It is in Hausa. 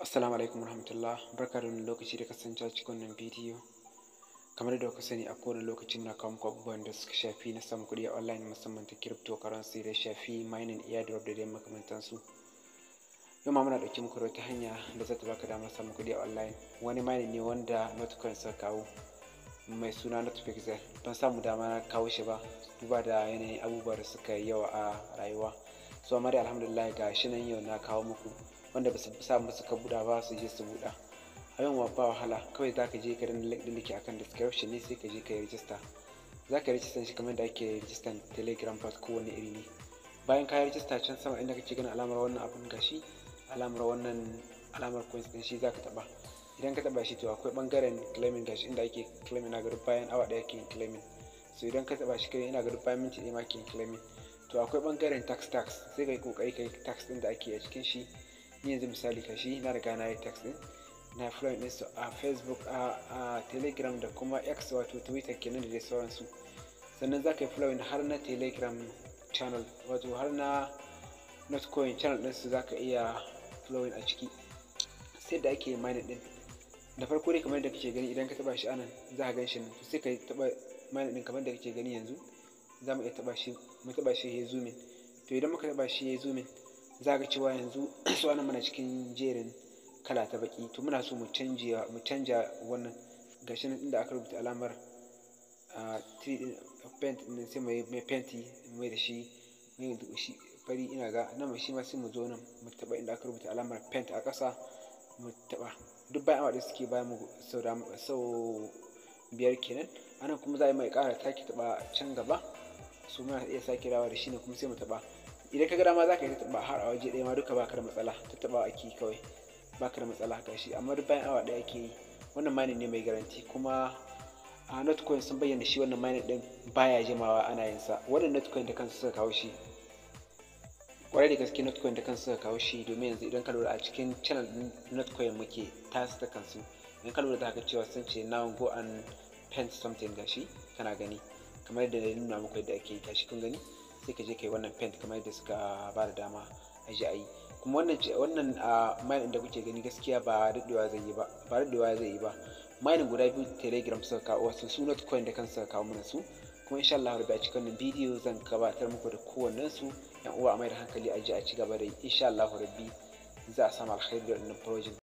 Assalamu alaikum warahmatullah barka da wannan lokaci da kasance cikin wannan bidiyo kamar da kuka sani a kowane lokacin na kawo muku abubuwan da suka shafi na samun kuɗi a online musamman ta cryptocurrency da shafi mining airdrop da dai su yau ma muna ɗauki muku wata hanya da za ta baka damar samun kuɗi a online wani mining ne wanda notcoin sa kawo mai suna notpixel ban samu dama na kawo shi ba duba da yanayin abubuwa da suka yi yawa a rayuwa so amma dai alhamdulillah ga shi nan yau na kawo muku wanda ba su samu suka buɗa ba su je su buɗa abin wa ba wahala kawai za ka je ka danna link da ke akan description ne sai ka je ka yi rijista za ka rijistan shi kamar da ake rijistan telegram pass wani iri ne bayan ka yi rijista can sama inda kake ganin alamar wannan abun gashi alamar wannan alamar coins din shi za ka taɓa idan ka taɓa shi to akwai bangaren claiming gashi inda ake claiming na gari bayan awa daya ke claiming so idan ka taɓa shi kai ina gari bayan minti ɗaya ma ke claiming to akwai bangaren tax tax sai ka yi kokari kai tax ɗin da ake a cikin shi ni yanzu misali kashi na riga na yi text na fulani din su a facebook a telegram da kuma x wato twitter kenan da dai sauransu sannan za ka yi fulani har na telegram channel wato har na notcoin channel ɗinsu za ka iya following a ciki sai da ake mining ɗin da farko dai kamar da kake gani idan ka taba shi anan za ka gan shi to sai ka taba mining ɗin kamar da kake gani yanzu za mu iya taba shi mu taba shi ya in to idan muka taba shi ya in za ka cewa yanzu su ana mana cikin jerin kala ta baki to muna so mu canja wannan gashi nan inda aka rubuta alamar a paint din sai mai painti mai da shi mai da shi fari ina ga nan shi ma sai mu zo nan mu taba inda aka rubuta alamar paint a ƙasa mu taba duk bayan awa da suke bayan mu sau biyar kenan anan kuma za a yi mai ƙara taki taba can gaba su muna iya sake rawa da shi ne kuma sai mu taba idan ka gada ma za ka yi tattaɓa har a waje ɗaya ma duka baka da matsala a ake kawai baka da matsala shi amma duk bayan awa ɗaya ake yi wannan mining ne mai garanti kuma a notcoin sun bayyana shi wannan mining ɗin baya jimawa ana yin sa wannan notcoin da kansu suka kawo shi kwarai da gaske notcoin da kansu suka kawo shi domin yanzu idan ka lura a cikin channel notcoin muke tasu da kansu idan ka lura da haka cewa sun ce now go and paint something gashi kana gani kamar yadda na nuna muku yadda ake yi gashi kun gani sai ka je ka yi wannan paint kamar yadda suka ba da dama a ji a yi kuma wannan wannan mining da kuke gani gaskiya ba daɗewa zai yi ba ba daɗewa zai yi ba mining guda biyu telegram suka kawo wasu su coin da kansu suka kawo mana su kuma insha Allah rabbi a cikin wannan bidiyo zan gabatar muku da kowannen su yan uwa a mai da hankali a ji a ci gaba da insha Allah rabbi za a samu alkhairi da wannan project